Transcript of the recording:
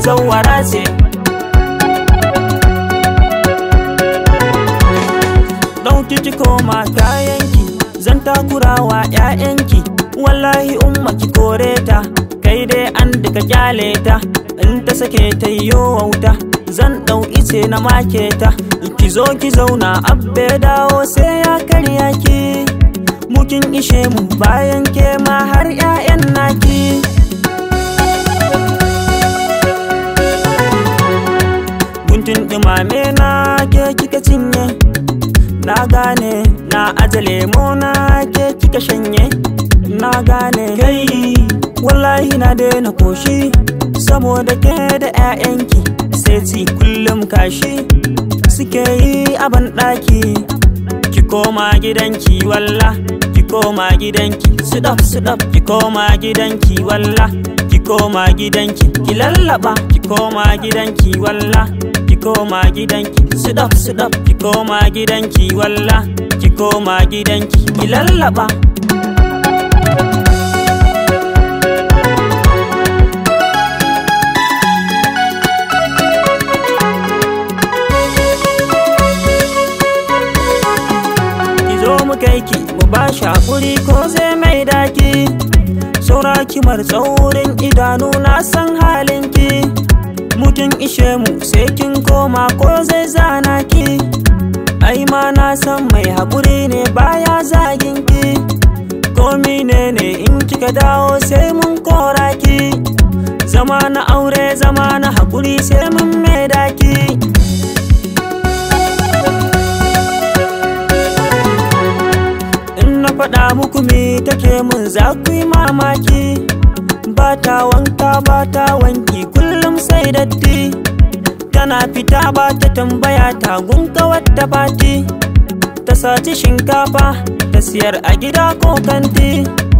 wara ce ɗauki ki koma kayanki zan takurawa 'ya'yanki wallahi umma ki kore ta kai dai an duka kyale ta in ta sake ta yi wauta zan ɗau ice na make ta ki ki zauna abbe dawo sai ya karya ki mukin ishe mu bayan ke ma har 'ya'yan naki guntun dumame na ke kika cinye na gane na aje lemo na ke kika shanye na gane kai wallahi na daina koshi saboda ke da 'ya'yanki sai ci kullum kashi suke yi a banɗaki ki koma gidanki walla ki koma gidanki sudaf sudaf ki koma gidanki walla ki koma gidanki ki lallaba ki koma gidanki walla ki koma gidanki sidaf sidaf ki koma gidanki walla ki koma gidanki ki lallaba mu kai ki mu ba shi ko zai mai daki saura kimar tsaurin idanu na san halinki mutum ishe mu sai kin koma ko zai zana ki ai ma na san mai haƙuri ne baya zagin ki komi ne ne in kika dawo sai mun kora ki zama na aure zama na haƙuri sai mun maida daki. faɗa muku me take mun za ku yi mamaki ba ta wanka ba ta wanki kullum sai datti tana fita ba ta tambaya ta gunka wata fati ta saci shinkafa ta siyar a gida ko kanti